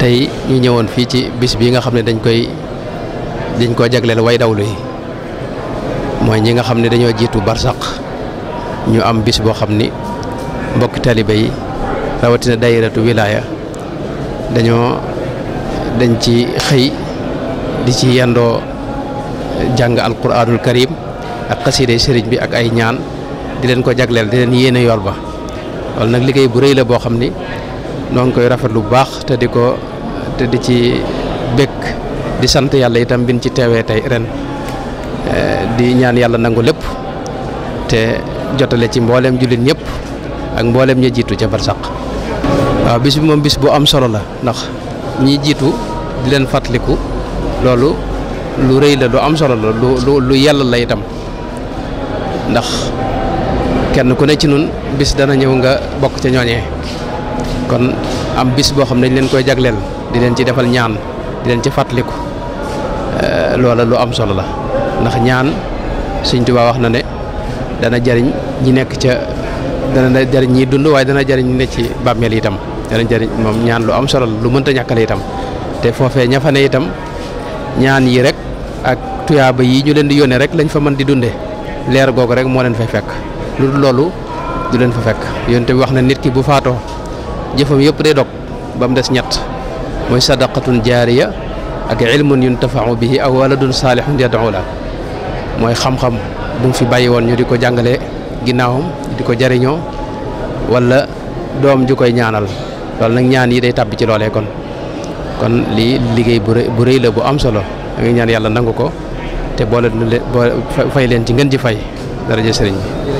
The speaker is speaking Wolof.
tay ñu ñëwoon fii ci bis bi nga xam ne dañ koy dañ koo jagleel way dawlu yi mooy ñi nga xam ne dañoo jiitu barsaq ñu am bis boo xam ni mbokki talibe yi rawatina daayiratu wilaya dañoo dañ ci xëy di ci yendoo jàng alquranul karim ak xasiide sëriñ bi ak ay ñaan di leen ko jagleel di leen yéene yor ba loolu nag liggéey bu rëy la boo xam noo koy euh, rafet lu baax te diko te di ci bekk di sante yalla itam bin ci tewé tay ren euh, di ñaan yalla nangul lepp te jotale ci mbollem julit ñepp ak mbollem ñi jitu ci barsak wa bis bi mom bis bu am solo la nak ñi jitu di len fatlikou lolu lu reey la du am solo la lu lu yalla la itam ndax kenn ku ne ci nun bis dana ñew nga bok ci ñoñe kon am bis bo xamne dañ leen koy jaglel di leen ci defal ñaan di leen ci fàttaliku eh, loola lu am solo la ndax ñaan seigne touba wax na ne dana jariñ ñi nekk ci dana jariñ ñi dund way dana jariñ ñi ne ci bammel itam dana jariñ mom ñaan lu am solo lu mënta ñakkal itam te fofé ña fa ne itam ñaan yi rek ak tuyaaba yi ñu leen di yone rek lañ fa mën di dundé leer googu rek mo leen fay fekk lu lolu du leen fa fekk yonte wax na nit ki bu faato jëfam yëpp day dog ba mu des ñett mooy sadaqatun jaariya ak ilmun yuntafaxu bihi aw waladun saalihun yad'u la mooy xam-xam bu mu fi bàyyi woon ñu di ko jàngale ginnaawam di ko jariñoo wala doom ju koy ñaanal loolu nag ñaan yi day tàbbi ci loolee kon kon lii liggéey bu rëy bu rëy la bu am solo da ñaan yàlla nangu ko te boole fay leen ci ngeen ci fay daraja sëriñ bi